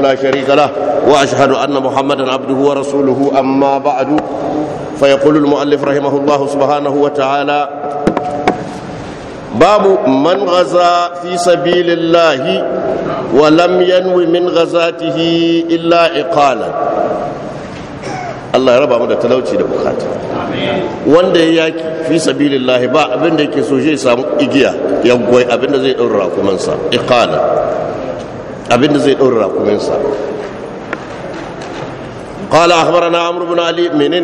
وحده لا شريك له وأشهد أن محمدا عبده ورسوله أما بعد فيقول المؤلف رحمه الله سبحانه وتعالى باب من غزا في سبيل الله ولم ينو من غزاته إلا إقالا Allah ya raba mu da talauci da wanda ya yaki fi sabilillahi ba abinda yake so zai samu igiya ya goyi abinda da zai daura rakumansa iqala da zai ɗaura rakuminsa قال اخبرنا عمرو بن علي منين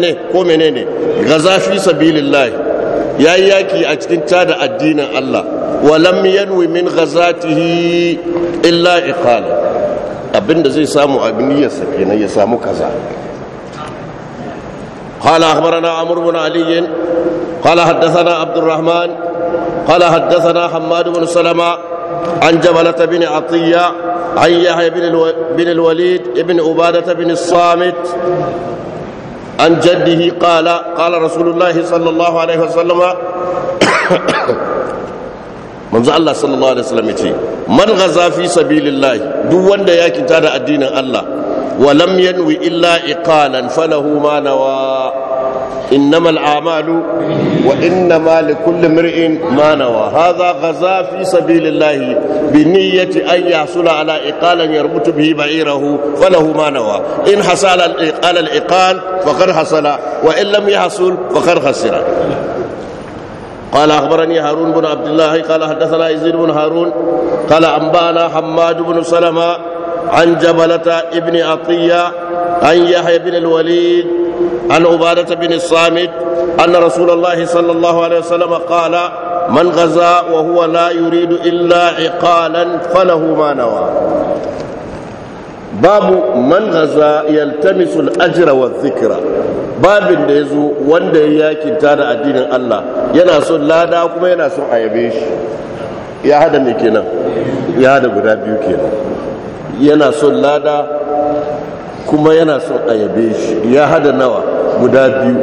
ne ko menene gaza fi yayi yaki a cikin tada addinin Allah wa lam yanwi min ghazatihi illa iqala abinda zai samu abin niyyarsa kenan ya samu kaza قال اخبرنا عمرو بن علي قال حدثنا عبد الرحمن قال حدثنا حماد بن سلمة عن جبلة بن عطية عن يحيى بن, الوليد بن عبادة بن الصامت عن جده قال قال رسول الله صلى الله عليه وسلم manzo Allah duk wanda ya kinta da addinin Allah wa lam yanwi illa iqalan falahu ma nawa إنما الأعمال وإنما لكل امرئ ما نوى هذا غزا في سبيل الله بنية أن يحصل على إقالا يربط به بعيره فله ما نوى إن حصل على الإقال فقد حصل وإن لم يحصل فقد خسر قال أخبرني هارون بن عبد الله قال حدثنا يزيد بن هارون قال أنبانا حماد بن سلمة عن جبلة ابن عطية عن يحيى بن الوليد عن عبادة بن الصامت أن رسول الله صلى الله عليه وسلم قال من غزا وهو لا يريد إلا عقالا فله ما نوى باب من غزا يلتمس الأجر والذكر babin da ya zo wanda ya yakinta da addinin Allah yana son lada kuma yana son a shi ya hada mai kenan ya hada guda biyu yana son lada kuma yana son a shi ya hada nawa guda biyu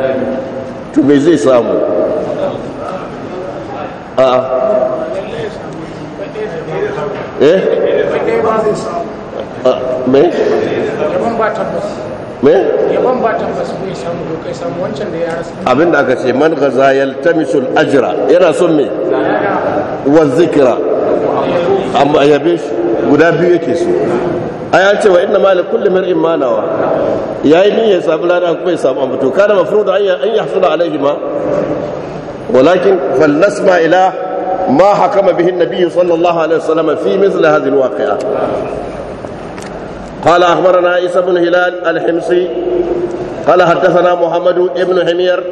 to me zai samu a eh ah, me me yaban ba tabbas bai samu dokai samu wancan da ya rasa abinda aka ce man gaza yaltamisul ajra yana son me wa zikra amma yabe guda biyu yake so a ya wa inna ma li kulli mar'in ma yayi ni ya samu lada kuma ya samu ambato kana mafruda an yahsula alaihi ma walakin bihin ila ما حكم به النبي صلى الله عليه وسلم في مثل هذه الواقعة قال أخبرنا عيسى بن هلال الحمصي قال حدثنا محمد بن حمير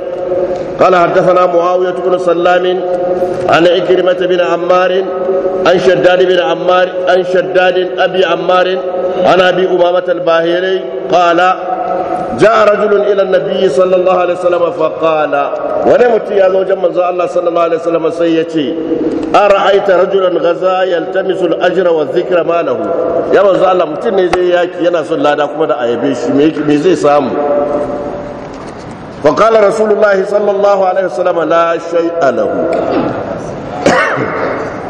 قال حدثنا معاوية بن سلام عن إكرمة بن عمار عن شداد بن عمار عن شداد أبي عمار عن أبي أمامة الباهري قال جاء رجل إلى النبي صلى الله عليه وسلم فقال ونمت يا زوج من الله صلى الله عليه وسلم سيتي أرأيت رجلا غزا يلتمس الأجر والذكر ما له يا من الله متن يجي ياكي ينا صلى الله عليه وسلم أيبيش ميزي سامو فقال رسول الله صلى الله عليه وسلم لا شيء له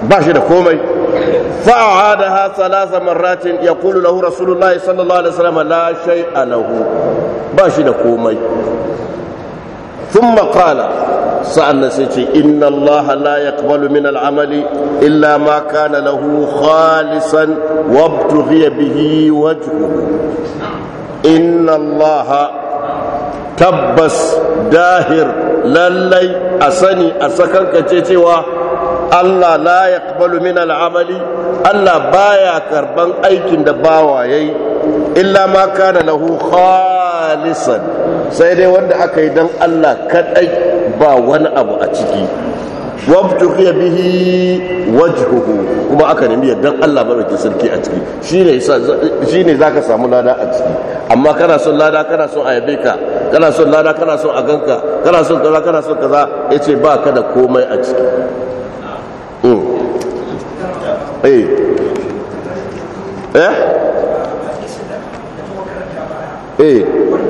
باشر كومي فأعادها ثلاث مرات يقول له رسول الله صلى الله عليه وسلم لا شيء له باشد كومي ثم قال سألنا سيتي إن الله لا يقبل من العمل إلا ما كان له خالصا وابتغي به وجهه إن الله تبس داهر للي أسني أسكن كتيتي Allah la kabalu min al'amali Allah baya karban aikin da bawa yi, illa ma kana lahu khalisan sai dai wanda aka yi don Allah kadai ba wani abu a ciki Wabtu ya bihi wajhuhu kuma aka nemi yadda Allah mai sarki a ciki shine ne shine zaka samu lada a ciki amma kana son lada kana son ayabe ka kana son lada kana son a ganka kana son kaza kana son kaza yace ba ka da komai a ciki eh eh eh eh amma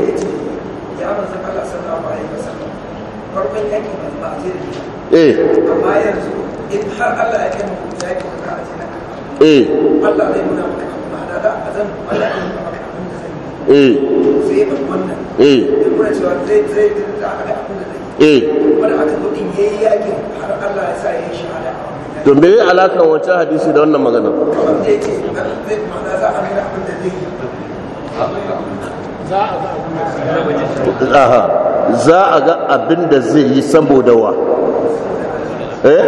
yanzu in har Allah ya kai mu ya yi kuka a cikin eh Allah zai nuna maka amma da za a zan Allah zai nuna maka abin da zai yi eh sai ban eh eh to me ne alaka wancan hadisi da wannan magana za a ga abin da zai yi saboda wa eh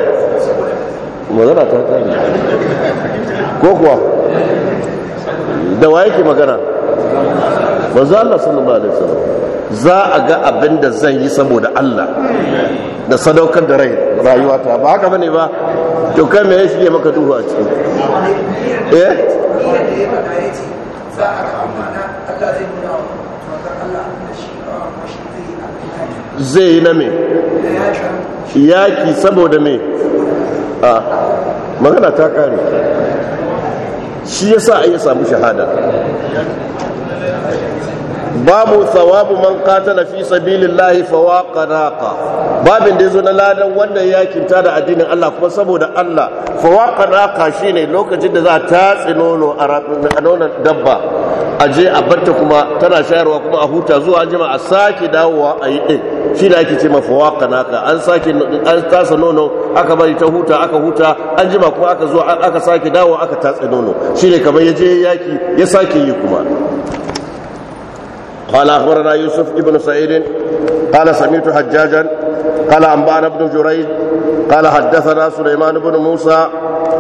magana ta kare ko kuwa da wa yake magana ba za Allah sallallahu alaihi wasallam za a ga abin da zan yi saboda Allah da sadaukar da rai rayuwa ta ba haka bane ba to kai me ya maka duhu a ciki eh zai yi na me yaki saboda me a magana ta kare shi yasa a iya samu shahada babu thawabu man qatala fi sabilillahi fawaqa naqa babin da yazo na ladan wanda ya kinta da addinin Allah kuma saboda Allah fawaqa shi shine lokacin da za a tatsi nono a nuna dabba a je a batta kuma tana shayarwa kuma a huta zuwa jima a sake dawowa a yi din shi da ake ce mafawaqa ka. an sake an tasa nono aka bari ta huta aka huta an jima kuma aka zuwa aka sake dawo aka tatsi nono ne kamar ya je yaki ya sake yi kuma قال أخبرنا يوسف ابن سعيد قال سمعت حجاجا قال أنبأنا ابن جريج قال حدثنا سليمان بن موسى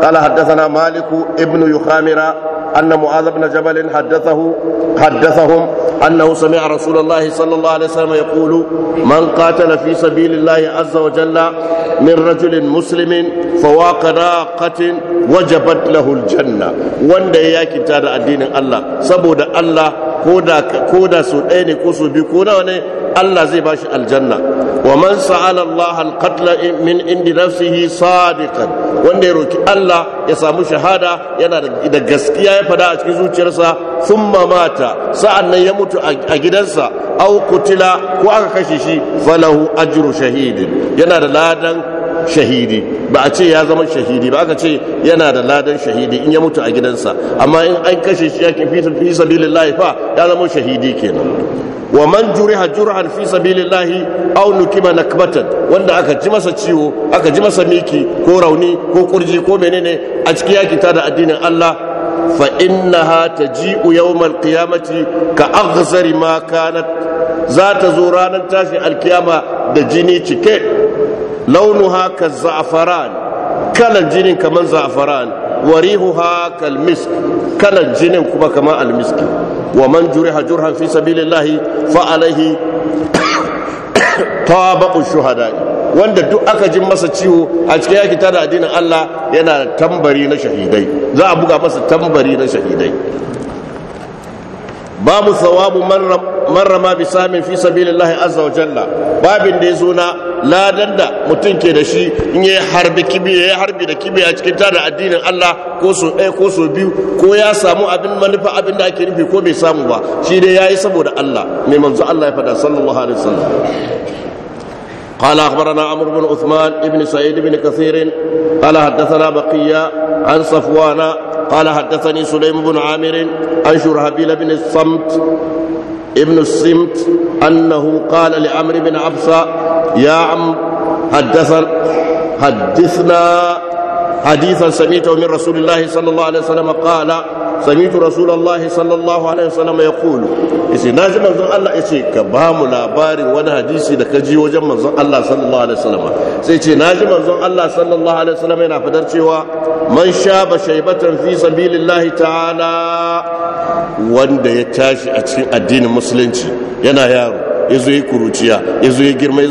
قال حدثنا مالك ابن يخامر أن معاذ بن جبل حدثه حدثهم أنه سمع رسول الله صلى الله عليه وسلم يقول من قاتل في سبيل الله عز وجل من رجل مسلم فواق ناقة وجبت له الجنة وان ياكي تاد الدين الله سبود الله ko da su ɗaya ne ko su biyu ko nawa ne Allah zai ba shi aljanna wa man sa'ala Allah al min indi nafsihi sadiqan wanda ya roki Allah ya samu shahada yana da gaskiya ya fada a cikin zuciyarsa thumma mata sa'annan ya mutu a gidansa aw kutila ko aka kashe shi falahu ajru shahidin yana da ladan shahidi ba a ce ya zama shahidi ba aka ce yana da ladan shahidi in ya mutu a gidansa amma in an kashe shi yakin fi sabilillahi fa ya zama shahidi kenan wa man juriha jurhan fi sabilillahi aw nukiba nakbatan wanda aka ji masa ciwo aka ji masa miki ko rauni ko kurji ko menene a cikin yaki ta da addinin Allah fa innaha taji'u yawmal qiyamati ka aghzari ma kanat za ta zo ranar tashin alkiyama da jini cike launuha ka za'afaran kalan jinin kamar za'afaran warihuha kal misk kalan jinin kuma kamar almiski wa man juriha jurhan fi sabilillahi fa alaihi tababu wanda duk aka ji masa ciwo a cikin yaki tada addinin Allah yana tambari na shahidai za a buga masa tambari na shahidai babu sawabu marrama rama bi samin fi sabilillahi azza wa jalla babin da yazo na ladan da mutum ke da shi in yayi harbi kibi yayi harbi da kibi a cikin tada addinin Allah ko so ɗaya ko so biyu ko ya samu abin manufa abin da ake nufi ko bai samu ba shi dai yayi saboda Allah mai manzo Allah ya faɗa sallallahu alaihi wasallam قال أخبرنا عمرو بن عثمان بن سعيد بن كثير قال حدثنا بقية عن صفوان قال حدثني سليم بن عامر عن شرهبيل بن الصمت ابن السمت أنه قال لعمرو بن عبسة يا عم حدثنا حدثنا حديثا سمعته من رسول الله صلى الله عليه وسلم قال سمعت رسول الله صلى الله عليه وسلم يقول na ji manzon Allah yace ka ba labarin wani hadisi da ka ji wajen manzon Allah sallallahu alaihi wasallam sai ce na ji manzon yana fadar cewa man shaba shaybatan fi sabilillahi ta'ala wanda ya tashi a cikin addinin musulunci yana yaro yazo ya kuruciya yazo ya girma ya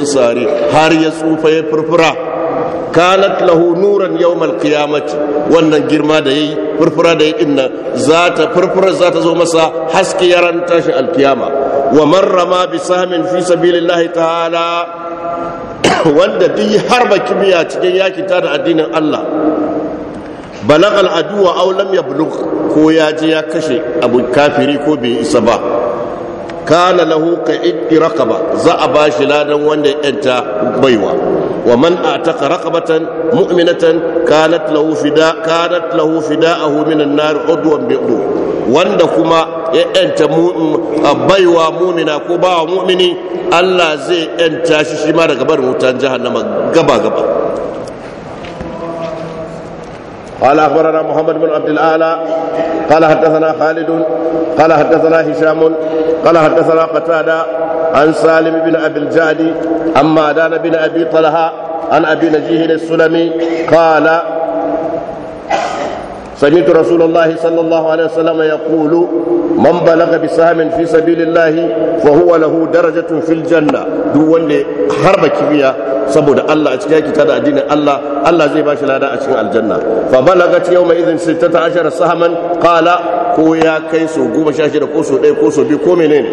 har ya tsufa ya furfura kanat lahu nuran yawmal qiyamati wannan girma da yayi furfura da yayi dinnan zata furfura zata zo masa haske yaran tashi alkiyama wa marrama rama bi sahmin fi sabilillahi ta'ala wanda duk harba kimiya cikin yaki ta da addinin Allah balagha al-aduwa aw lam yablugh ko ya je ya kashe abu kafiri ko bai isa ba kana lahu ka itti raqaba za a bashi ladan wanda ya yanta baiwa ومن اعتق رقبة مؤمنة كانت له فداء كانت له فداءه من النار عضوا بعضو wanda kuma ya yanta baiwa mumina ko bawa mumini Allah zai yanta shi shi ma daga barin wutan jahannama gaba gaba قال أخبرنا محمد بن عبد الأعلى قال حدثنا خالد قال حدثنا هشام قال حدثنا قتادة عن سالم بن أبي الجعد عن معدان بن أبي طلحة عن أبي نجيه السلمي قال سمعت رسول الله صلى الله عليه وسلم يقول من بلغ بسهم في سبيل الله فهو له درجة في الجنة دو وند حرب كبيرة سبود الله أشكي كتاب أدين الله الله زي باش لا أشكي الجنة فبلغت يومئذ ستة عشر سهما قال كويا كيسو قوم شاشر كوسو دي كوسو بي كومينين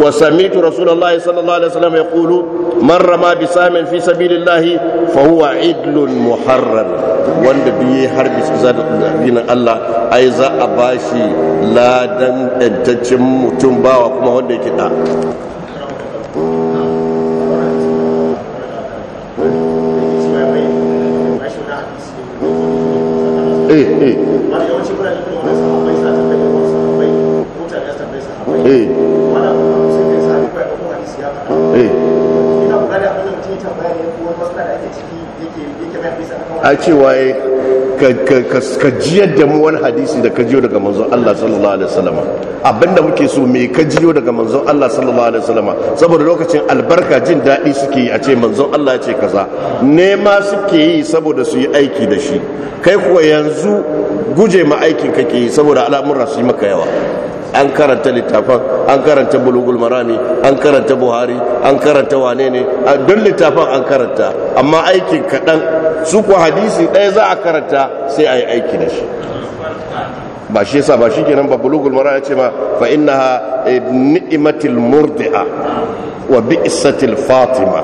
وسمعت رسول الله صلى الله عليه وسلم يقول man rama bi samin fi sabilillahi fa huwa idlun muharram wanda biye harbi su za da Allah ai za a bashi ladan ɗantaccen mutum bawa kuma wanda yake da Hey. Eh, eh. eh. a cewa eh, ka jiyar da mu wani hadisi da ka jiyo daga manzon Allah sallallahu alaihi wasallam abinda muke so me ka jiyo daga manzon Allah sallallahu alaihi wasallam saboda lokacin albarka jin daɗi suke yi a ce manzon Allah ya ce kaza nema suke yi saboda su yi aiki da shi kai kuwa yanzu guje ma aikin kake yi saboda al'amuran su yi maka yawa an karanta littafan an karanta bulugul marami an karanta buhari an karanta wane ne don littafan an karanta amma aikin kaɗan su ku hadisi ɗaya za a karanta sai a yi aiki da shi ba shi yasa ba shi kenan ba bulugul marami ya ce ma fa ha e, ni'matil murdi'a wa bi'satil fatima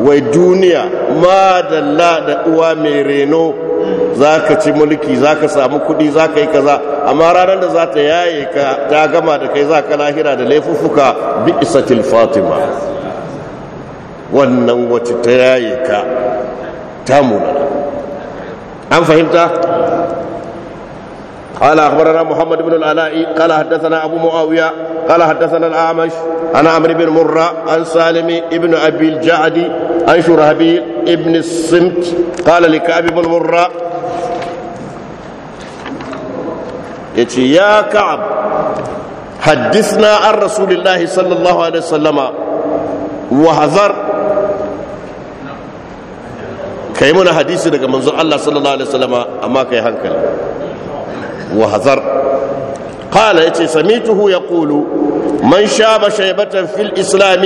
wai duniya la da uwa mai reno za ka ci mulki za ka samu kudi za ka yi kaza amma ranar da za ta yaye ka ta gama da kai za ka lahira da laifuffuka bi isatil fatima wannan wacce ta yaye ka ta muna an fahimta قال أخبرنا محمد بن العلاء قال حدثنا أبو معاوية قال حدثنا الأعمش عن عمرو بن مرة عن سالم ابن أبي الجعد عن شرهبيل ابن الصمت قال لكعب بن مرة يا كعب حدثنا عن رسول الله صلى الله عليه وسلم وحذر كيمنا حديث لك منظر الله صلى الله عليه وسلم أما كي هنكل وهذر قال يتي سميته يقول من شاب شيبة في الإسلام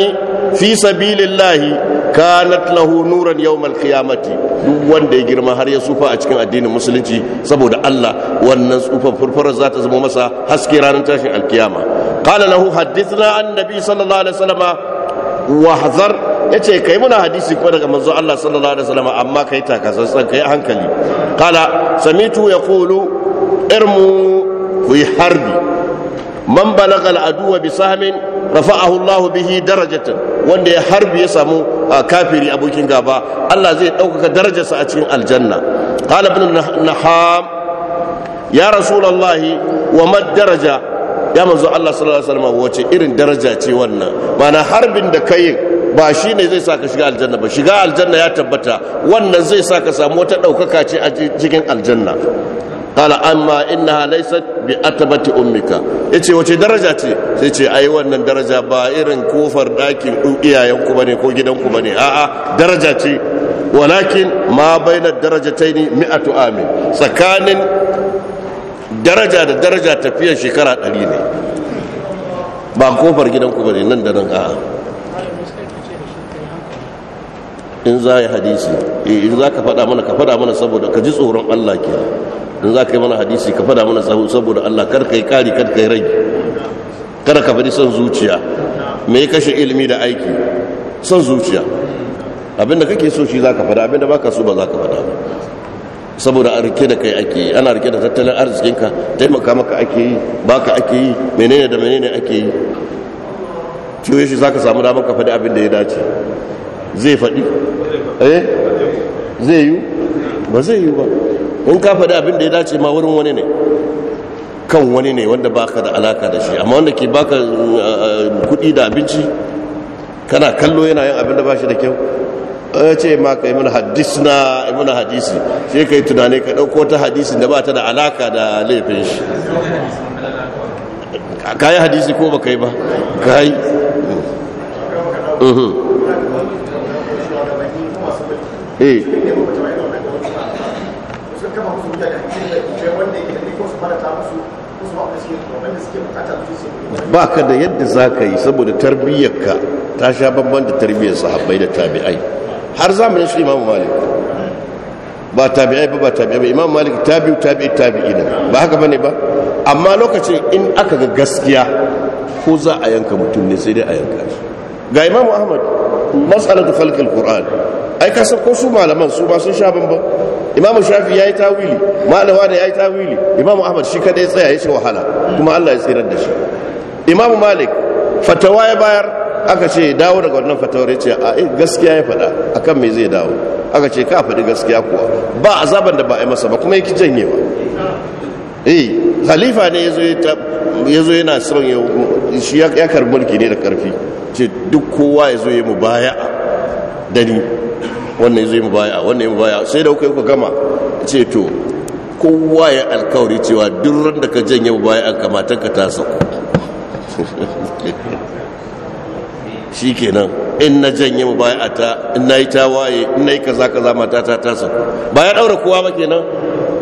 في سبيل الله kanat lahu nuran yawmal qiyamati duk wanda ya girma har ya tsufa a cikin addinin musulunci saboda Allah wannan tsufa furfurar za ta zama masa haske ranar tashin alkiyama qala lahu hadithna annabi sallallahu yace kai muna hadisi kuma daga manzo Allah sallallahu alaihi wasallam amma kai takasassan kai hankali qala samitu yaqulu irmu ku yi harbi man balaga wa bi sahmin rafa'ahu Allah bihi darajatan wanda ya harbi ya samu kafiri abokin gaba Allah zai ɗaukaka darajarsa a cikin aljanna qala ibn naham ya rasulullahi wa mad daraja ya manzo Allah sallallahu alaihi wasallam wace irin daraja ce wannan mana harbin da kai ba shi ne zai sa ka shiga aljanna ba shiga aljanna ya tabbata wannan zai sa ka samu wata ɗaukaka ce a cikin aljanna kala amma innaha laysat bi atabati ummika yace wace daraja ce sai ce ai wannan daraja ba irin kofar ɗakin iyayen ku bane ko gidan ku bane a'a daraja ce walakin ma baina darajataini mi'atu amin tsakanin daraja da daraja tafiya shekara 100 ne ba kofar gidan ku bane nan da nan a'a in za yi hadisi in za ka faɗa mana ka faɗa mana saboda ka ji tsoron allah ke in za ka yi mana hadisi ka fada mana tsaho saboda Allah kar ka yi kari kar ka yi rage kada ka faɗi son zuciya me ya kashe ilimi da aiki son zuciya abinda kake so shi za ka fada abinda ba ka so ba za ka fada ba saboda a rike da kai ake yi ana rike da tattalin arzikinka taimaka maka ake yi ba ka ake yi menene da menene ake yi ciwo shi za ka samu damar ka faɗi abin da ya dace zai faɗi eh zai yi ba zai yi ba in ka faɗi abin da ya dace ma wurin wani ne kan wani ne wanda baka da alaka da shi amma wanda ke baka eh, eh, kuɗi da abinci kana kallo yana yin abin da ba shi da kyau eh, ya ce ma ka imuna na mana hadisi sai ka yi tunani ka ɗauko ta hadisi da ba ta da alaka da laifin shi ka yi hadisi ko ba ka yi ba ka yi mhm. eh ba ka da yadda za ka yi saboda tarbiyyarka ta sha babban da tarbiyyar sahabbai da tabi'ai har zamanin su imamu malik ba tabi'ai ba ba tabi'ai ba imamu malik tabi'u tabi'i tabi'i ne ba haka bane ba amma lokacin in aka ga gaskiya ko za a yanka mutum ne sai dai a yanka ga imamu ahmad masu alatu falkar qur'an ai ka san ko su malaman su ba sun sha bamban imamu shafi ya yi tawili ma'alawa da ya yi tawili imamu ahmad shi kadai tsaya ya shi wahala kuma allah ya tsirar da shi imamu malik fatawa ya bayar aka ce dawo daga wannan fatawar ya ce a eh, gaskiya ya faɗa kan me zai dawo aka ce ka faɗi gaskiya kuwa ba azaban da ba a yi masa ba kuma yake janyewa eh khalifa ne ya zo yana son ya karbi mulki ne da karfi ce duk kowa ya zo ya mu baya da ni wannan zai mu baya wannan mu baya sai da kuka ku gama ce to kowa ya alkawari cewa duk ran da ka janye mu baya an kamata ka tasa shi kenan in na janye mu baya a ta in na yi tawaye in na yi kaza kaza mata ta tasa ba ya daura kowa ba kenan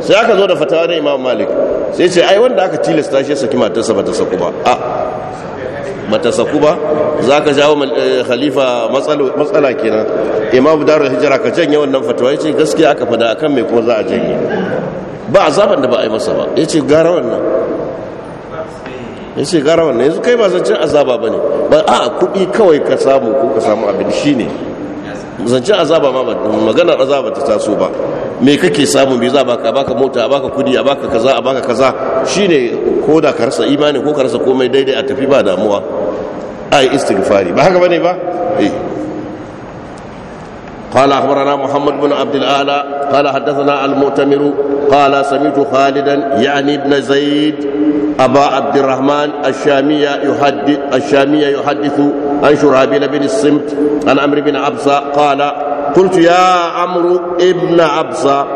sai aka zo da fatawa na imam malik sai ce ai wanda aka tilasta shi saki matarsa ba ta saku ba a matasaku saku ba za ka jawo eh, khalifa matsala kenan imam darul hijira ka janye wannan fatawa ya ce gaskiya aka fada akan mai kuma za a janye ba azaban da ba a yi masa ba ya ce gara wannan ya ce gara wannan yanzu kai ba zancen azaba ba ne ba a kuɗi kawai ka samu ko ka samu abin shi ne zancen azaba ma maganar azaba ta taso ba me kake samu me za baka baka mota a baka kudi a baka kaza a baka kaza shine ko da ka rasa imani ko ka rasa komai daidai a tafi ba damuwa a yi istighfari ba haka bane ba قال أخبرنا محمد بن عبد الأعلى قال حدثنا المؤتمر قال سمعت خالدا يعني ابن زيد أبا عبد الرحمن الشامية يحدث الشامية يحدث عن شرهبيل بن الصمت عن عمرو بن عبسة قال قلت يا عمرو ابن عبسة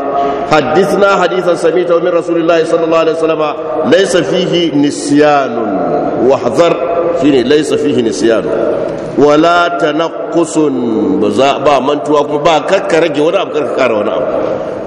حدثنا حديثا سمعته من رسول الله صلى الله عليه وسلم ليس فيه نسيان واحذر shine laysa fihi nisyan wala tanqusun ba mantuwa kuma ba kakka rage wani abu karka kara wani abu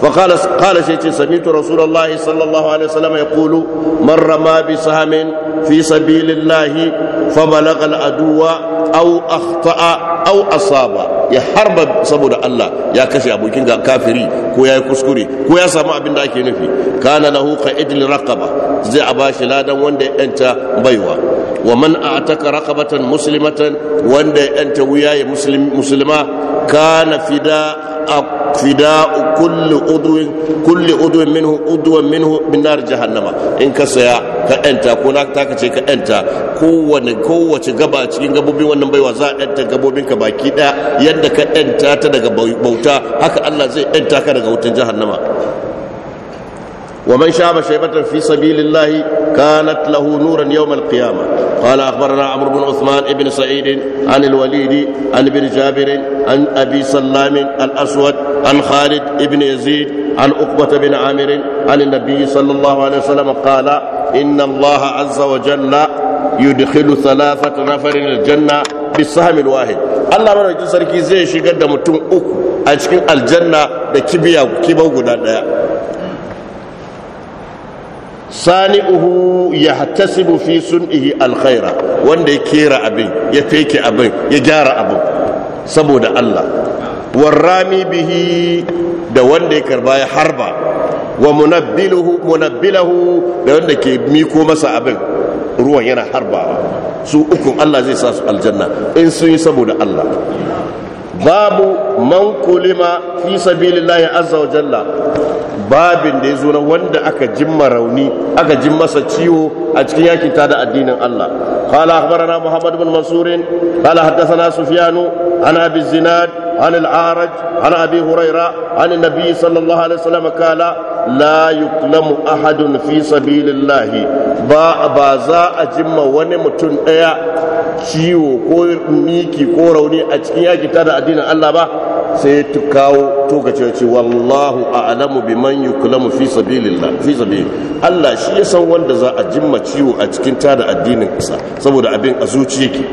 fa qala qala ce sami'tu rasulullahi sallallahu alaihi wasallam yaqulu man rama bi sahamin fi sabilillahi fa balagha al-aduwa aw akhta'a aw asaba ya harba saboda Allah ya kashe abokin ga kafiri ko ya yi kuskure ko ya samu abin da ake nufi kana lahu qa'idul raqaba zai a bashi ladan wanda ya yanta baiwa wa man a'taka raqabatan muslimatan wanda yanta wuya ya musulma kana fida fida'u kulli udwin kulli udwin minhu udwan minhu min nar jahannama in ka saya ka yanta ko na ta kace ka yanta kowane kowace gaba cikin gabobin wannan baiwa za a yanta gabobin ka baki daya yadda ka yanta ta daga bauta haka Allah zai yanta ka daga wutan jahannama ومن شاب شيبة في سبيل الله كانت له نورا يوم القيامة قال أخبرنا عمرو بن عثمان بن سعيد عن الوليد عن بن جابر عن أبي سلام الأسود عن خالد بن يزيد عن عقبة بن عامر عن النبي صلى الله عليه وسلم قال إن الله عز وجل يدخل ثلاثة نفر الجنة بالسهم الواحد الله مرة يجزر كي زي شكد متون أكو أجكين الجنة بكبيا كبا قدان sani'uhu ya hattasibu fi ihi alkhaira wanda ya kera abin ya feke abin ya gyara abin saboda Allah warrami bihi da wanda ya karba ya harba wa munabbiluhu munabbilahu da wanda ke miko masa abin ruwan yana harba su ukun Allah zai sa su aljanna in sun yi saboda Allah babu man kulima fi sabilillahi azza wa jalla babin da ya zo na wanda aka jimma rauni aka jin masa ciwo a cikin yakin ta da addinin Allah qala akhbarana muhammad bin mansur qala haddathana sufyan an abi zinad an al-a'raj an abi huraira an nabi sallallahu alaihi wasallam qala la yuklamu ahadun fi sabilillahi ba ba za a jimma wani mutum daya ciwo ko miki ko rauni a cikin yaki ta da addinin Allah ba sai ya kawo to ka ce ce wallahu a'lamu biman yuklamu fi sabilillah fi sabil Allah shi ya san wanda za a jimma ciwo a cikin ta da addinin sa saboda abin a zuciya yake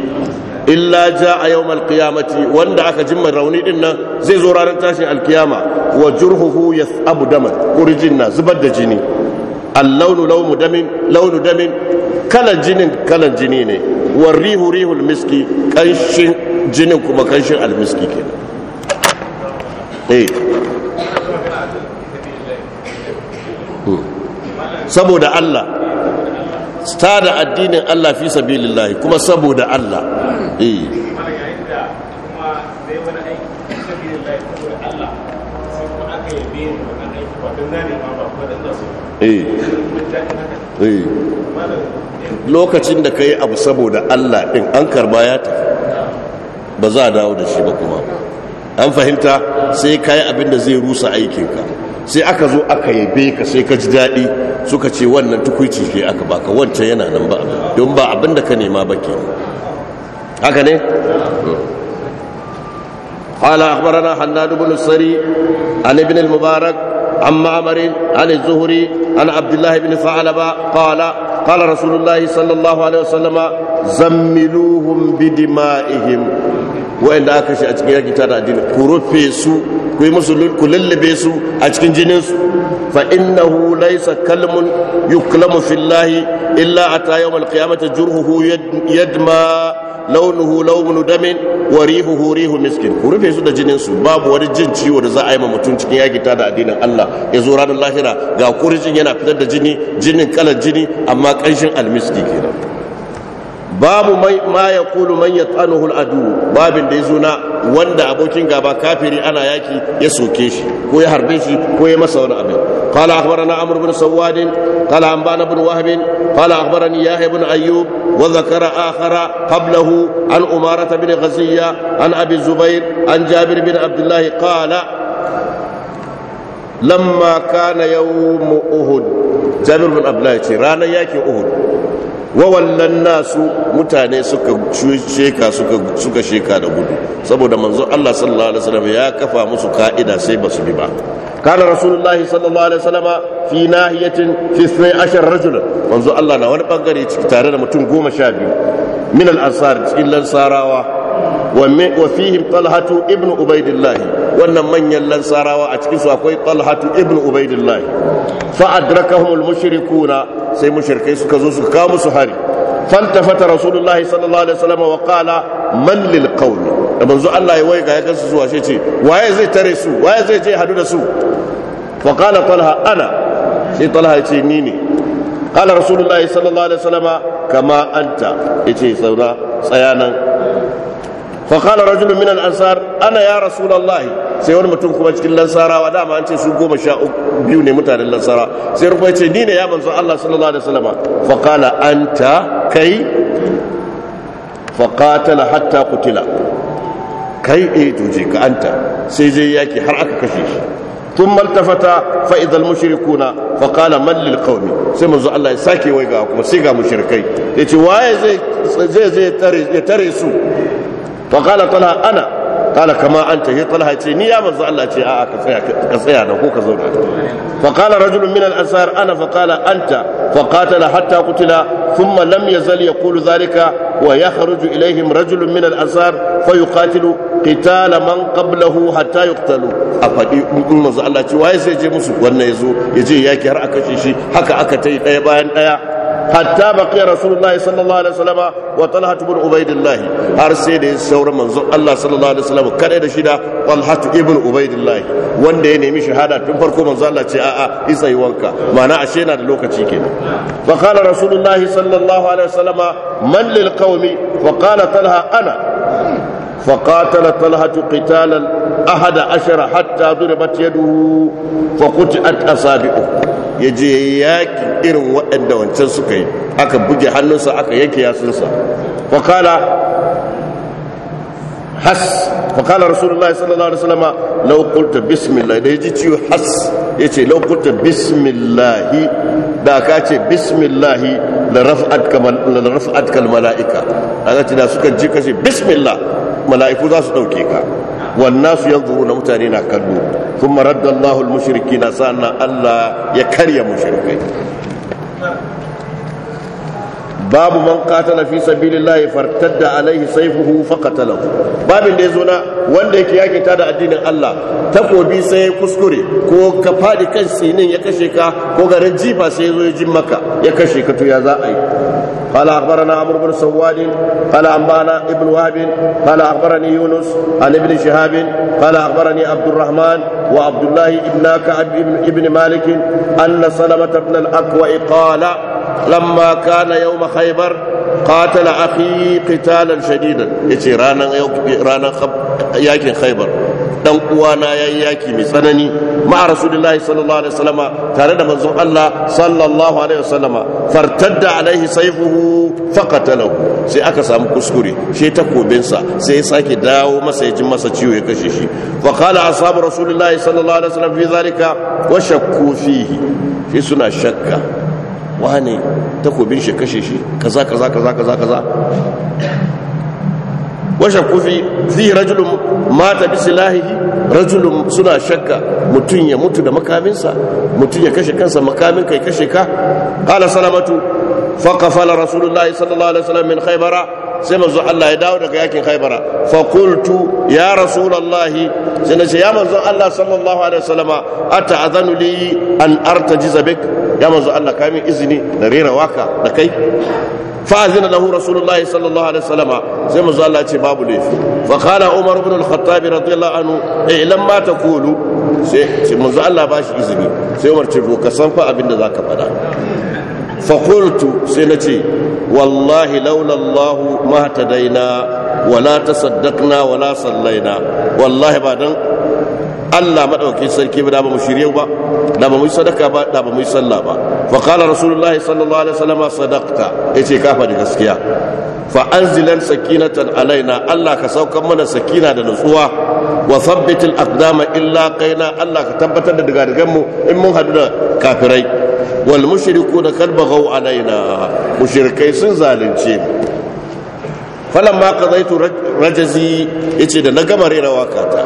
illa jaa yawmal qiyamati wanda aka jimma rauni din nan zai zo ranar tashin alkiyama wa jurhuhu yasabu daman kurjin na zubar da jini اللون لون دم لون دم كلا جنين كلا جنين والريح ريح المسك كنش جنين كما كنش المسك كده ايه saboda Allah tada addinin Allah fi sabilillahi kuma saboda Allah eh. kuma saboda Allah Eh. Eh. lokacin da ka yi abu saboda allah ɗin an karba ya tafi ba za a dawo da shi ba kuma an fahimta sai ka yi abin da zai rusa aikinka sai aka zo aka yabe ka sai ka ji daɗi suka ce wannan tukwici ke aka baka wancan yana nan ba don ba abin da ka nema ba ke haka ne? قال أخبرنا na hannadu السري عن ابن عن معمر عن الزهري عن عبد الله بن ثعلبة قال قال رسول الله صلى الله عليه وسلم زملوهم بدمائهم وإن أكشي أتكي يكي ترى دين كروفيسو كوي مسلول كلل بيسو أتكي جنسو فإنه ليس كلم يكلم في الله إلا أتى يوم القيامة جرهه يدمى launuhu launu damin wa rihuhu rihu miskin ku rufe su da jinin su babu wani jin ciwo da za a yi ma mutum cikin yaki ta da addinin Allah ya zo ranar lahira ga kurjin yana fitar da jini jinin kalar jini amma kanshin almiski kenan babu ma ya kulu man ya tsanuhul babin da ya zo na wanda abokin gaba kafiri ana yaki ya soke shi ko ya harbe shi ko ya masa wani abin قال اخبرنا عمرو بن سواد قال انبانا بن وهب قال اخبرني يحيى بن ايوب وذكر اخر قبله عن اماره بن غزيه عن ابي الزبير عن جابر بن عبد الله قال لما كان يوم أهد جابر بن عبد الله رانا ياكي أهد wawallan nasu mutane suka sheka suka sheka da gudu saboda manzo Allah sallallahu alaihi wasallam ya kafa musu ka'ida sai ba su bi ba kana rasulullahi sallallahu alaihi wasallam fi nahiyatin fi 12 rajul manzo Allah na wani bangare tare da mutum 12 min al-ansar cikin lansarawa wa fihim talhatu ibnu ubaidillahi wannan manyan lansarawa a cikin su akwai talhatu ibnu ubaidillahi fa adrakahum mushrikuna sai mushrikai suka zo su kawo musu hari fantafata rasulullahi sallallahu alaihi wasallam wa qala man lil qawl da manzo Allah ya waiga ya gansu zuwa shi ce waye zai tare su waye zai je hadu da su fa qala talha ana sai talha ya ce ni ne qala rasulullahi sallallahu alaihi wasallam kama anta yace saura tsayanan فقال رجل من الانصار ana ya رسول الله sai wani mutum kuma cikin lansarawa dama an ce su goma sha biyu ne mutanen lansara sai rufa ce ni ne ya manzo Allah sallallahu alaihi wasallam fa qala anta kai fa qatala hatta qutila kai eh tuje je ka anta sai zai yaki har aka kashe shi ثم التفت فاذا المشركون فقال من للقوم sai manzo Allah ya sake wai kuma sai ga mushrikai ce waye zai tare su Faƙala talha ana qala kama anta ya talha ce ni ya manzo Allah ce a'a ka tsaya ka tsaya da ko ka zauna fa qala rajulun min al-ansar ana faƙala qala anta fa qatala hatta qutila thumma lam yazal yaqulu dhalika wa yakhruju ilayhim rajulun min al-ansar fa yuqatilu قتال من قبله A faɗi, افدي manzo Allah ce waye sai je musu wannan yazo yaje yaki har aka kashe shi haka aka tai daya bayan daya hatta baqiya rasulullahi sallallahu alaihi wasallam wa talha ibn ubaidillah har sai da sauran manzon Allah sallallahu alaihi wasallam kare da shida talha ibn ubaidillah wanda ya nemi shahada tun farko manzon Allah ce a'a isa yi wanka ma'ana ashe na da lokaci kenan fa qala rasulullahi sallallahu alaihi wasallam man lil qaumi fa qala talha ana فقاتل طلحة قتالا أحد عشر حتى ضربت يده فقطعت أصابعه ya je yaki irin waɗanda wancan suka yi aka buge hannunsa aka yake yasunsa wakala has wakala rasulullah sallallahu alaihi wasallam law qulta bismillah da yaji ciwo has yace law qulta bismillah da ka ce bismillah la raf'at kamal la raf'at kal malaika aga tina suka ji kace bismillah mala'iku za su dauke ka والناس ينظرون متانينا كلو ثم رد الله المشركين سألنا ألا يكري مشركين باب من قاتل في سبيل الله فارتد عليه سيفه فقتله باب da yazo na wanda yake ta da addinin Allah takobi sai ya kuskure ko ka fadi kan sinin ya kashe ka ko garin jifa sai yazo ya jin maka ya kashe ka to ya za a yi قال اخبرنا عمرو بن سواد قال انبانا ابن وهب قال اخبرني يونس عن ابن شهاب قال اخبرني عبد الرحمن وعبد الله ابن كعب ابن مالك ان سلمه بن الاكوع قال لما كان يوم خيبر قاتل اخي قتالا شديدا يجي رانا رانا ياكل خيبر dan uwana yayi yaki mai tsanani ma'a rasulullahi sallallahu alaihi wasallama tare da manzon Allah sallallahu alaihi wasallama fartadda alaihi sayfuhu faqatalahu sai aka samu kuskure shi takobinsa sai ya sake dawo masa ya ji masa ciwo ya kashe shi fa qala ashabu rasulullahi sallallahu alaihi wasallam fi zalika wa shakku fihi shi suna shakka wane takobin shi kashe shi kaza kaza kaza kaza kaza washa kufi fihi rajulun mata bisilahihi rajulun suna shakka mutum ya mutu da makaminsa mutum ya kashe kansa makamin kai kashe ka qala salamatu faqafala rasulullahi sallallahu alaihi wasallam min khaybara sai manzo Allah ya dawo daga yakin haibara fa qultu ya rasulullah sai na ce ya manzo Allah sallallahu alaihi wasallama ata'azanu li an artajiza bik ya manzo Allah ka min izini na rera waka da kai fa azina lahu rasulullahi sallallahu alaihi wasallama sai manzo Allah ce babu laifi fa qala umar ibn al-khattab radiyallahu anhu eh, ilam ma taqulu sai manzo Allah ba shi izini sai umar ce ka san fa abinda zaka faɗa fa qultu sai na ce wallahi laula Allah ma tadaina wala tasaddaqna wala sallaina wallahi ba dan Allah madaukakin sarki ba da ba mu shirye ba da ba yi sadaka ba da ba mu yi sallah fa qala rasulullah sallallahu alaihi wasallam sadaqta yace ka faɗi gaskiya fa anzilan sakinatan alaina Allah ka sauka mana sakina da nutsuwa wa thabbit al aqdama illa Allah ka tabbatar da daga mu in mun hadu da kafirai wal mushriku da kad baghaw alaina mushrikai sun zalunce mu falamma qadaitu rajazi yace da na gama rera waka ta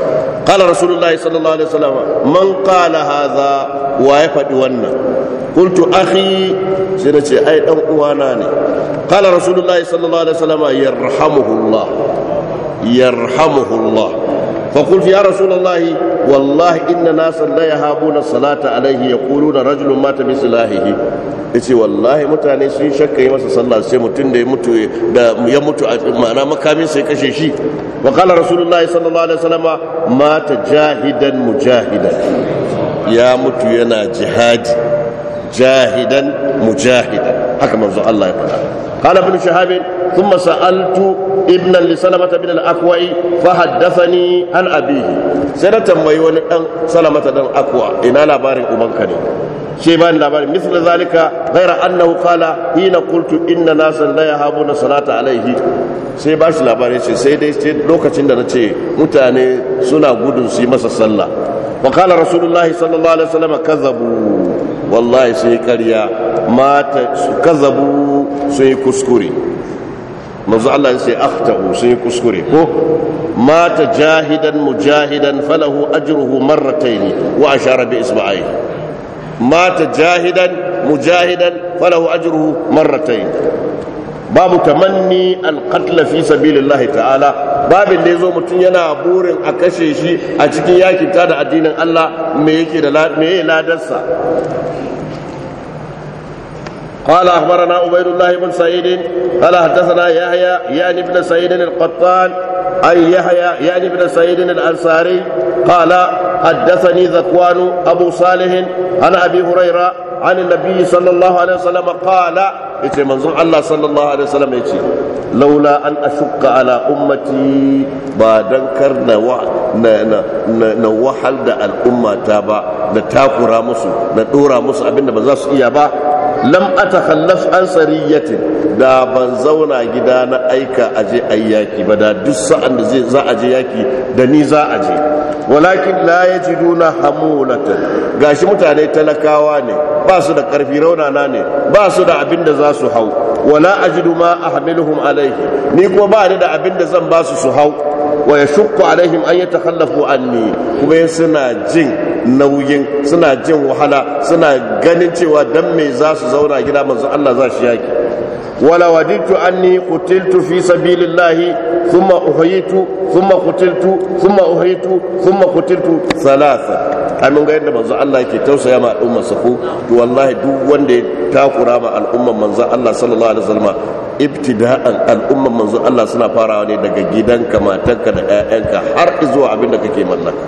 qala rasulullahi sallallahu alaihi wasallam man qala hadha wa ya faɗi wannan qultu akhi sai nace ai dan uwana ne qala rasulullahi sallallahu فقلت يا رسول الله والله إن ناسا لا يهابون الصلاة عليه يقولون رجل مات بسلاحه yace wallahi mutane sun shakka yi masa sallah sai mutum da ya mutu da ya mutu a ma'ana makamin sai kashe shi wa qala rasulullahi sallallahu alaihi wasallama mata jahidan mujahidan ya mutu yana jihadi jahidan mujahidan haka manzo Allah ya faɗa قال ابن شهاب ثم سألت ابنا لسلمة بن الأكوع فحدثني عن أبيه سنة تنبيون أن سلمة بن الأكوع إن لابار أمانك شيبان لابار مثل ذلك غير أنه قال حين قلت إن ناسا لا يهابون الصلاة عليه sai ba shi labarai ce sai dai lokacin da na ce mutane suna gudun su yi masa sallah wa kala rasulullahi sallallahu alaihi wasallam kazzabu wallahi sun yi karya mata su kazabu sun yi kuskure manzo Allah sai akhtau sun yi kuskure ko mata jahidan mujahidan falahu ajruhu marratayn wa ashara bi isba'i mata jahidan mujahidan falahu ajruhu marratayn babu tamanni alqatl fi sabilillahi ta'ala babin da yazo mutun yana burin a kashe shi a cikin yakin ta da addinin Allah me yake da me yake ladarsa قال أخبرنا عبيد الله بن سعيد قال حدثنا يحيى يعني ابن سعيد القطان أي يحيى يعني ابن سعيد الأنصاري قال حدثني ذكوان أبو صالح عن أبي هريرة عن النبي صلى الله عليه وسلم قال يتي منظور الله صلى الله عليه وسلم يتي لولا أن أشق على أمتي بعدن كرنا نوحل دا الأمة تابا نتاقرا مسو ندورا مسو أبن بزاس إيابا lam atakallaf an sariyatin da ban zauna gida na aika a ayi yaki ba da duk sa'an da za a je yaki da ni za a je walakin la yajiduna Ga gashi mutane talakawa ne ba su da karfi raunana ne ba su da abin da za su hau wala ajidu ma ahmiluhum alaihi ni kuma ba ni da abin da zan ba su su hau wa shukku alaihim an yatakhallafu anni kuma suna jin nauyin suna jin wahala suna ganin cewa dan me za su zauna gida manzo Allah za shi yaki wala wajidtu anni qutiltu fi سبيل thumma uhayitu thumma qutiltu thumma uhayitu thumma qutiltu salasa amin ga yadda manzo Allah yake tausaya ma al'ummar safu to wallahi duk wanda ya takura ma al'ummar manzo Allah sallallahu alaihi wasallam ibtida'an al'ummar manzo Allah suna farawa ne daga gidanka matanka da 'ƴa'ƴanka har zuwa abinda kake mallaka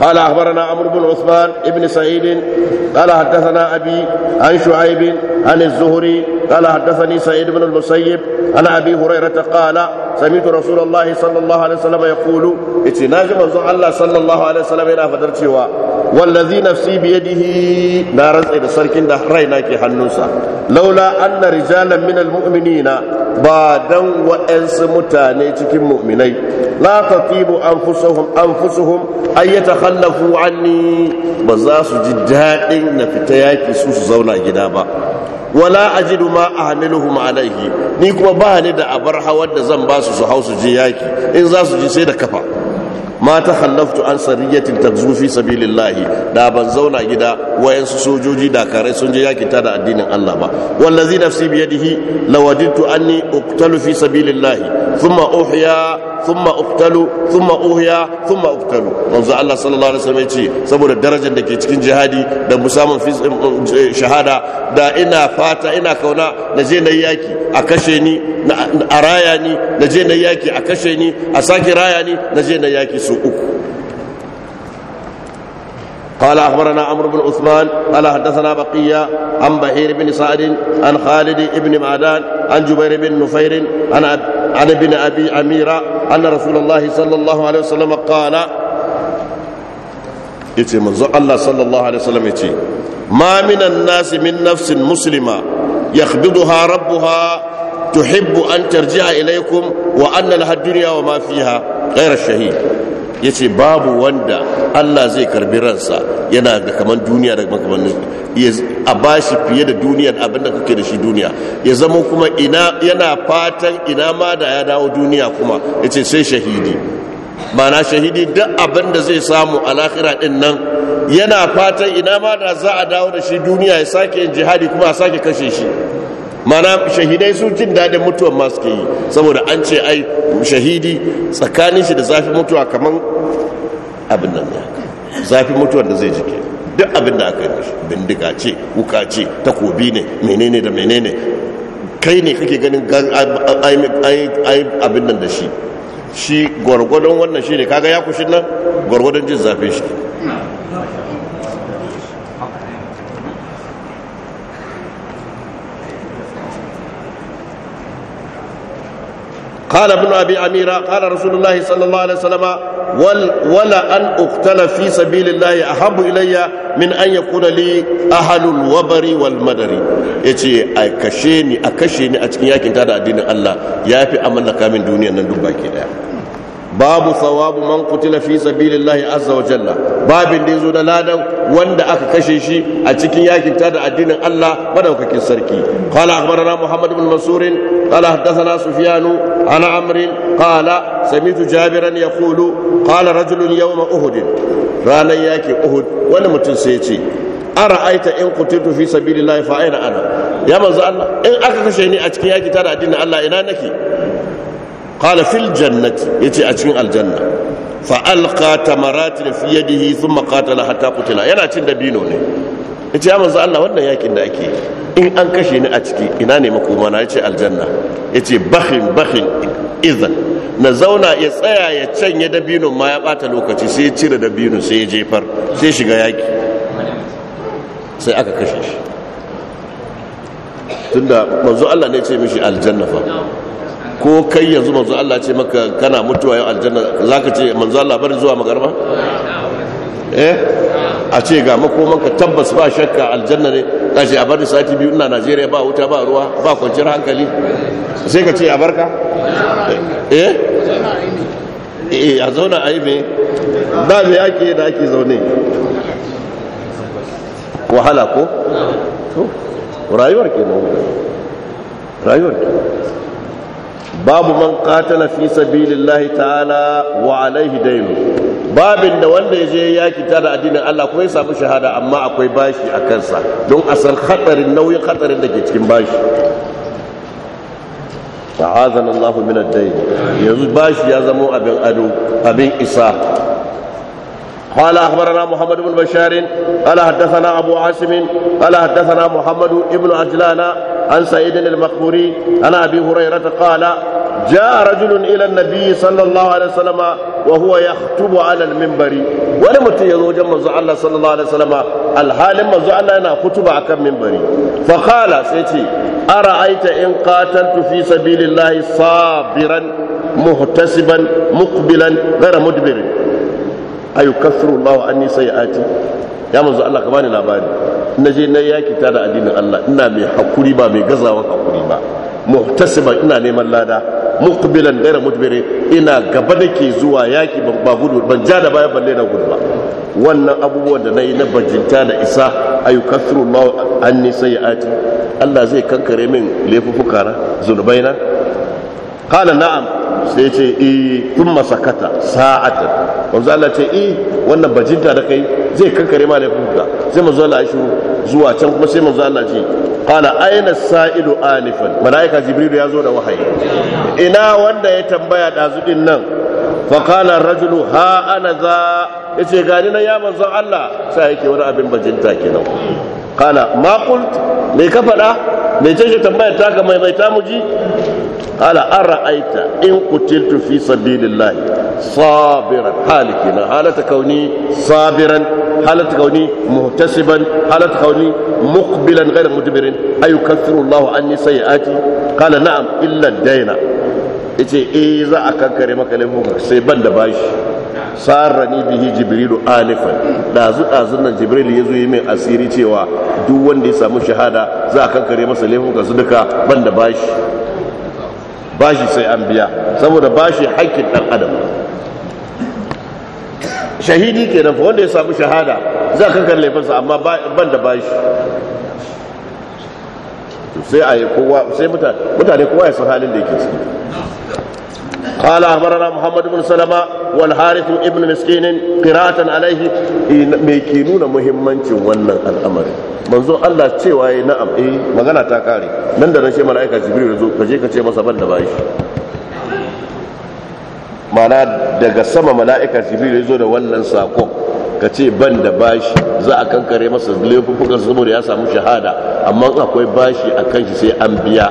قال أخبرنا عمرو بن عثمان بن سعيد قال حدثنا أبي عن شعيب عن الزهري قال حدثني سعيد بن المسيب عن أبي هريرة قال سمعت رسول الله صلى الله عليه وسلم يقول اتناجم الله صلى الله عليه وسلم إلى فدرتي wallazi nafsi biyadihi na rantsa da sarkin da raina ke hannunsa laula anna rijalan min almu'minina ba dan wa'ansu mutane cikin mu'minai la tatibu anfusuhum anfusuhum ay yatakhallafu anni ba za su ji dadin na fita yaki su su zauna gida ba wala ajidu ma ahmiluhum alaihi ni kuma ba ni da abar hawar da zan ba su su hausu je yaki in za su ji sai da kafa ma ta hallaftu an sariyatin takzu fi sabilillahi da ban zauna gida wayansu sojoji dakarai sun je yaki ta da addinin Allah ba wallazi nafsi biyadihi lawadittu anni uqtalu fi sabilillahi thumma uhya thumma uqtalu thumma uhya thumma uqtalu manzo Allah sallallahu alaihi wasallam yace saboda darajar da ke cikin jihadi da musamman eh, shahada da ina fata ina kauna na je na yaki a kashe ni a raya ni na je na yaki a kashe ni a sake raya ni na je na yaki su uku قال اخبرنا عمرو بن عثمان قال حدثنا بقيه عن بهير بن سعد عن خالد بن معدان عن جبير بن نفير عن أب... عن ابن ابي اميره ان رسول الله صلى الله عليه وسلم قال يتي منزو الله صلى الله عليه وسلم يتي ما من الناس من نفس مسلمه يخبضها ربها تحب ان ترجع اليكم وان لها الدنيا وما فيها غير الشهيد ya ce babu wanda allah zai karbi ransa yana da kaman duniya da makamannin a ba shi fiye da duniya abinda kake da shi duniya ya zama kuma yana fatan ina ma da ya dawo duniya kuma ya ce sai shahidi mana shahidi duk abinda zai samu a lahira din nan yana fatan ina ma da za a dawo da shi duniya ya sake yin jihadi kuma a sake kashe shi mana shahidai su jin daɗin mutuwan masu ke yi saboda an ce ai shahidi tsakanin shi da zafin mutuwa kamar abin nan ne zafin mutuwar da zai jike duk abin da aka yi bindiga ce wuka ce takobi ne menene da menene kai ne kake ganin abin nan da shi shi gwargwadon wannan shi ne kaga ya kushin nan gwargwadon jin zafin shi قال ابن أبي أميرة قال رسول الله صلى الله عليه وسلم ول ولا أن أقتل في سبيل الله أحب إلي من أن يكون لي أهل الوبر والمدر يتي أكشيني أكشيني أتكن ياكن تادا دين الله يافي أمن لك من دنيا نندوبا كده babu sawabu man kutila fi sabilillahi azza wa jalla babin da yazo da ladan wanda aka kashe shi a cikin yakin ta da addinin Allah madaukakin sarki qala akhbarana muhammad ibn mansur qala hadathana sufyan an amr qala sami'tu jabiran yaqulu qala rajulun yawma uhud ranan yaki uhud wani mutum sai ya ce ara'aita in qutiltu fi sabilillahi fa aina ana ya manzo Allah in aka kashe ni a cikin yakin ta da addinin Allah ina nake qala fil jannati yace a cikin aljanna fa alqa tamaratin fi yadihi thumma qatala hatta qutila yana cin dabino ne yace ya manzo Allah wannan yakin da ake in an kashe ni a ciki ina ne makoma na yace aljanna yace bakhin bakhin idan na zauna ya tsaya ya canye dabino ma ya bata lokaci sai ya cire dabinon sai ya jefar sai shiga yaki sai aka kashe shi tunda manzo Allah ne ya ce mishi aljanna fa ko kai yanzu manzo Allah ce maka kana mutuwa yau aljanna zaka ce manzo Allah bari zuwa magarba eh a ce ga makomanka tabbas ba shakka aljanna ne ka ce a bari sati biyu ina Najeriya ba wuta ba ruwa ba kwanciyar hankali sai ka ce a barka eh eh a zauna a yi me ba me yake da ake zaune wahala ko to rayuwar kenan rayuwar kenan babu man katala fi sabilillahi ta'ala wa alaihi dainu babin da wanda ya yaki da addinin Allah kuma ya samu shahada amma akwai bashi a kansa don a san khatarin nauyin khatarin da ke cikin bashi ta'azana Allahu min ad-dayn yanzu bashi ya zama abin ado abin isa قال اخبرنا محمد بن بشار قال حدثنا ابو عاصم قال حدثنا محمد بن عجلان عن سعيد المقبوري عن ابي هريره قال جاء رجل الى النبي صلى الله عليه وسلم وهو يخطب على المنبر wani mutum ya zo wajen manzo Allah sallallahu alaihi wasallama alhalin manzo Allah yana kutuba akan minbari fa qala sai ce ara'aita in qataltu tufi sabilillahi sabiran muhtasiban muqbilan ghayra mudbirin ayu kasru Allah anni sayati ya manzo Allah ka bani labari na je na yaki ta da addinin Allah ina mai hakuri ba mai gazawa hakuri ba muhtasiba ina neman lada muqbilan gaira mudbiri ina gaba nake zuwa yaki ba gudu ban ja da baya balle na gudu ba wannan abubuwan da nayi na bajinta da isa ayu kasru Allah anni sayati Allah zai kankare min lefufuka na zunubaina qala na'am sai ce eh thumma sakata sa'atan manzo Allah ce eh wannan bajinta da kai zai kankare ma kuka. sai manzo Allah ya shiru zuwa can kuma sai manzo Allah ce qala aina sa'idu alifan malaika jibril ya zo da wahayi ina wanda ya tambaya dazudin nan fa qala ar-rajulu ha ana za yace gani na ya manzo Allah sai yake wani abin bajinta kenan qala ma qult me ka faɗa me ce shi tambayar ta ka mai mai ta muji قال أرأيت إن قتلت في سبيل الله صابرا حالك حالة كوني صابرا حالة كوني محتسبا حالة كوني مقبلا غير مدبر أيكفر الله عني سيئاتي قال نعم إلا الدين إتي إيه إذا أكاكري مكلمه سيبان دباش sarrani bihi jibrilu anifan dazu dazun nan jibril yazo yi min asiri cewa duk wanda ya samu shahada za a kankare masa laifuka su duka banda bashi bashi sai an biya saboda bashi haƙƙin ɗan adam shahidi ke nan wanda ya samu shahada za a kankan laifinsa amma ban da bashi sai mutane kowa ya san halin da yake ciki قال أخبرنا محمد بن سلمة والحارث ابن مسكين قراءة عليه ميكينون مهمان ونن الأمر منذ الله تشيوى نعم إيه مغانا تاكاري من دانا شيء ملائكة جبريل رزو كجيكا شيء مصابان دبايش معنى daga sama mala'ika jibril ya zo da wannan sako ban da bashi za a kankare masa laifuffukan saboda ya samu shahada amma akwai bashi a kan shi sai an biya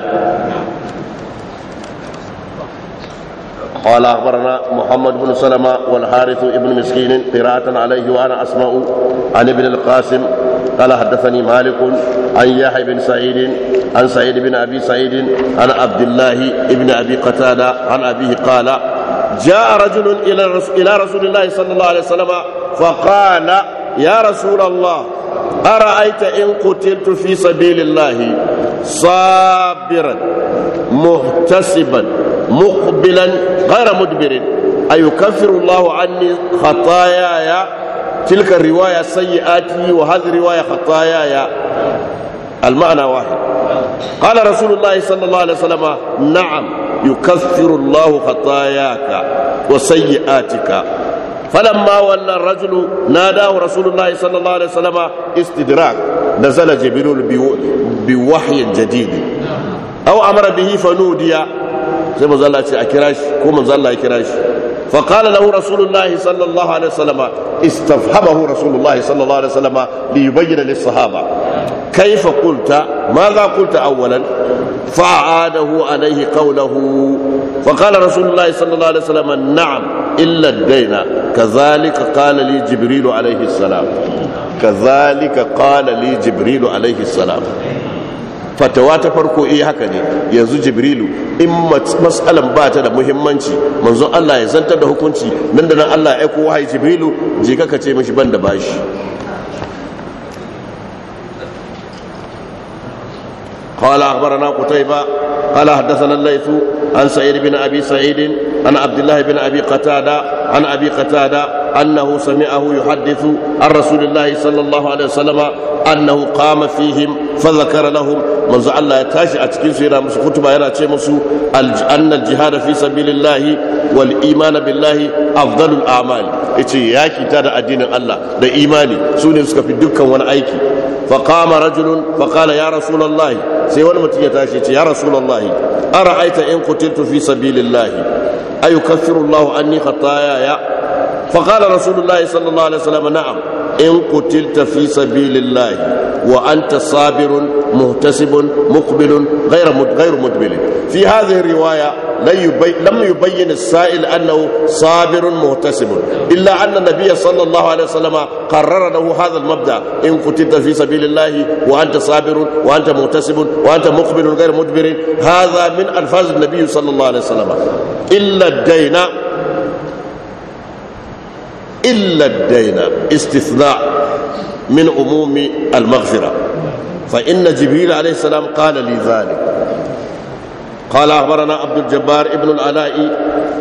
قال أخبرنا محمد بن سلمة والحارث بن مسكين قراءة عليه وأنا أسمع عن ابن القاسم قال حدثني مالك عن يحيى بن سعيد عن سعيد بن أبي سعيد عن عبد الله بن أبي قتادة عن أبيه قال جاء رجل إلى رسول, إلى رسول الله صلى الله عليه وسلم فقال يا رسول الله أرأيت إن قتلت في سبيل الله صابرا محتسبا مقبلا غير مدبر أيكفر الله عني خطاياي تلك الرواية سيئاتي وهذه الرواية خطاياي المعنى واحد قال رسول الله صلى الله عليه وسلم نعم يكفر الله خطاياك وسيئاتك فلما ولى الرجل ناداه رسول الله صلى الله عليه وسلم استدراك نزل جبريل بوحي جديد أو أمر به فنودي sai manzo Allah ce a kira shi ko manzo ya kira shi fa qala lahu rasulullahi sallallahu alaihi wasallam istafhamahu rasulullahi sallallahu alaihi wasallam li yubayyana lis sahaba kayfa qulta madha qulta awwalan فأعاده عليه قوله فقال رسول الله صلى الله عليه وسلم نعم إلا الدين كذلك قال لي جبريل عليه ka كذلك قال لي جبريل عليه السلام fatawa ta farko iya eh, haka ne yanzu jibrilu in matsalan ba ta da muhimmanci manzon Allah ya zantar da hukunci nan da nan Allah ya aiko wahayi jibrilu je ka ce mashi ban da bashi قال أخبرنا قتيبة قال حدثنا الليث عن سعيد بن أبي سعيد عن عبد الله بن أبي قتادة عن أبي قتادة أنه سمعه يحدث عن رسول الله صلى الله عليه وسلم أنه قام فيهم fa zakara lahum manzo Allah ya tashi a cikin su yana musu kutuba yana ce musu annal jihad fi sabilillah wal iman billahi afdalul a'mal yace yaki ta da addinin Allah da imani su ne suka fi dukkan wani aiki fa qama rajulun fa ya rasulullah sai wani mutum ya tashi ce ya rasulullah ara'aita in qutiltu fi sabilillah ayukaffiru Allah anni khataaya ya. qala rasulullah sallallahu alaihi wasallam na'am in kutilta fi sabilillahi wa anta sabirun muhtasibun muqbilun ghayra ghayr mudbil fi hadhihi riwaya lam yubayyin as-sa'il annahu sabirun muhtasibun illa anna nabiyya sallallahu alaihi wasallam qarrara lahu hadha al-mabda in kutilta fi sabilillahi wa anta sabirun wa anta muhtasibun wa anta muqbilun ghayr mudbil hadha min alfaz an-nabiy sallallahu alaihi wasallam illa ad-dayna إلا الدين استثناء من عموم المغفرة فإن جبريل عليه السلام قال لي ذلك قال أخبرنا عبد الجبار ابن العلاء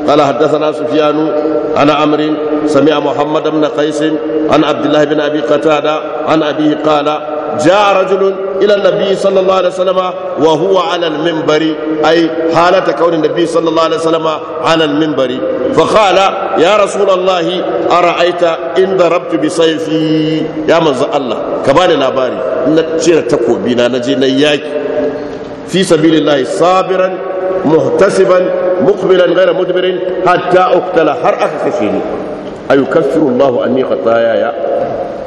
قال حدثنا سفيان عن أمر سمع محمد بن قيس عن عبد الله بن أبي قتادة عن أبيه قال جاء رجل إلى النبي صلى الله عليه وسلم وهو على المنبر أي حالة كون النبي صلى الله عليه وسلم على المنبر فقال يا رسول الله أرأيت إن ضربت بسيفي يا من الله كبالي لاباري نتشير تكو بنا نجي نياك في سبيل الله صابرا محتسبا مقبلا غير مدبر حتى أقتل هر أخي أي يكفر الله عني خطاياي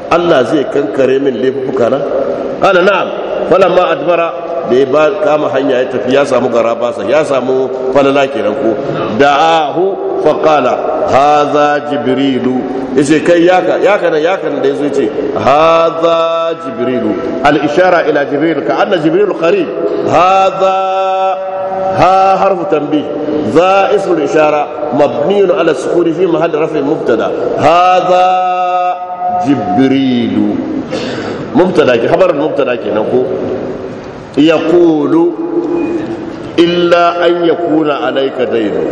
Allah zai kankare min laifuka na qala na'am falamma adbara da ya ba kama hanya ya tafi ya samu gara basa ya samu falala kenan ko da'ahu fa qala hadha jibrilu yace kai yaka yaka nan yaka na da yazo yace hadha jibrilu al ishara ila jibril ka anna jibril ha hadha ها حرف تنبيه ذا ishara. الإشارة ala على السكون في محل رفع ha za. jibrilu mubtada ke khabar mubtada nan ko yaqulu illa an yakuna alayka daynu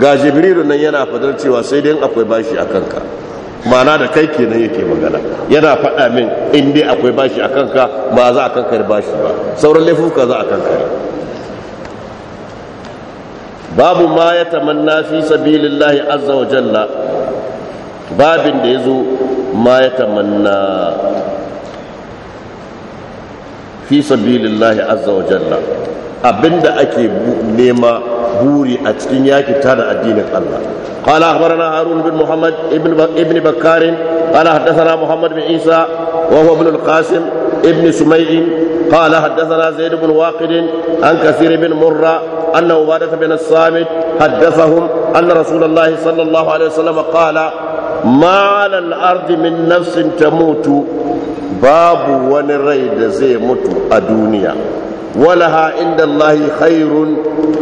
ga jibrilu nan yana fadar cewa sai dai akwai bashi a kanka mana da kai kenan yake magana yana faɗa min in dai akwai bashi a kanka ba za a kankar bashi ba sauran laifuka za a kankar babu ma ya tamanna fi sabilillahi azza wa jalla babin da ya zo ma ya tamanna fi sabilillahi azza wa jalla abinda ake nema buri a cikin yaki tana addinin Allah قال أخبرنا هارون بن محمد ابن ابن بكار قال حدثنا محمد بن عيسى وهو ابن القاسم ابن سميع قال حدثنا زيد بن واقد عن كثير بن مرة أن عبادة بن الصامت حدثهم أن رسول الله صلى الله عليه وسلم قال maalal alal ardi min nafsin mutu babu wani rai da zai mutu a duniya walaha inda Allahi khairun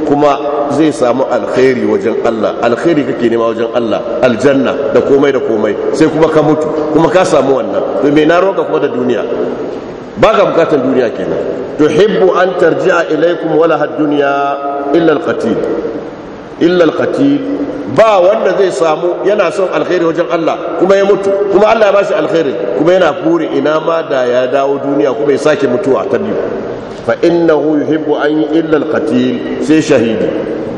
kuma zai samu alkhairi wajen Allah alkhairi kake nema wajen Allah aljanna da komai da komai sai kuma ka mutu kuma ka samu wannan to me na roƙa kuma da duniya ba ka bukatar duniya kenan hibbu an tarji'a ilaikum walaha ad-dunya illa al illa al ba wanda zai samu yana son alkhairi wajen Allah kuma ya mutu kuma Allah ya bashi alkhairi kuma yana buri ina ma da ya dawo duniya kuma ya sake mutuwa ta biyu fa innahu yuhibbu an illa alqatil sai shahidi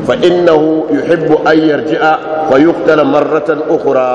fa innahu yuhibbu an yarji'a wa yuqtala marratan ukhra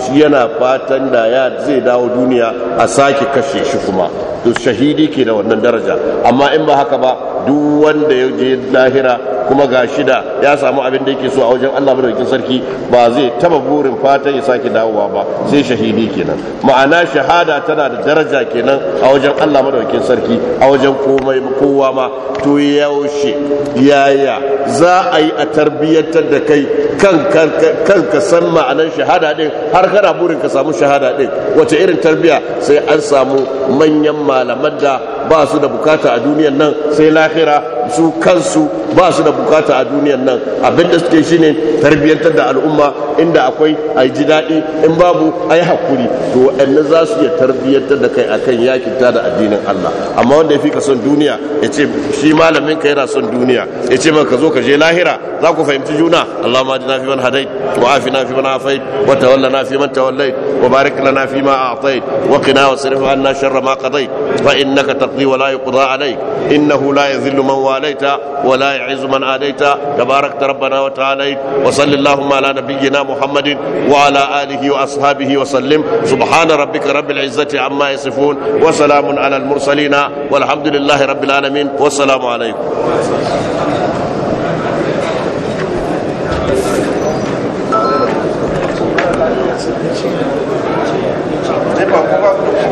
shi yana fatan da ya zai dawo duniya a sake kashe shi kuma to shahidi ke da wannan daraja amma in ba haka ba duk wanda ya je lahira kuma ga shida ya samu abin da yake so a wajen Allah madaukakin sarki ba zai taba burin fatan ya sake dawowa ba sai shahidi kenan ma'ana shahada tana da daraja kenan a wajen Allah madaukakin sarki a wajen komai kowa ma to yaushe yaya za a yi a tarbiyyantar da kai kan ka san ma'anar shahada din har kana burin ka samu shahada din wace irin tarbiya sai an samu manyan malaman da ba su da bukata a duniyan nan sai lahira su kansu ba su da bukata a duniyan nan abinda suke shine tarbiyyantar da al'umma inda akwai a ji daɗi in babu a yi hakuri to waɗanne za su iya tarbiyyantar da kai akan yakin ta da addinin Allah amma wanda ya fi ka son duniya ya ce shi malamin ka yana son duniya ya ce ka zo ka je lahira za ku fahimci juna Allah ma na fi man hadai wa afi na fi man afai wa tawalla na fi man tawallai wa barik lana fi ma a'tai wa qina wa sirif anna sharra ma qadai fa innaka taqdi wa la yuqda alayk innahu la yadhillu man واليت ولا يعز من اديت تبارك ربنا وتعالى وصل اللهم على نبينا محمد وعلى اله واصحابه وسلم سبحان ربك رب العزه عما يصفون وسلام على المرسلين والحمد لله رب العالمين والسلام عليكم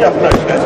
Thank you.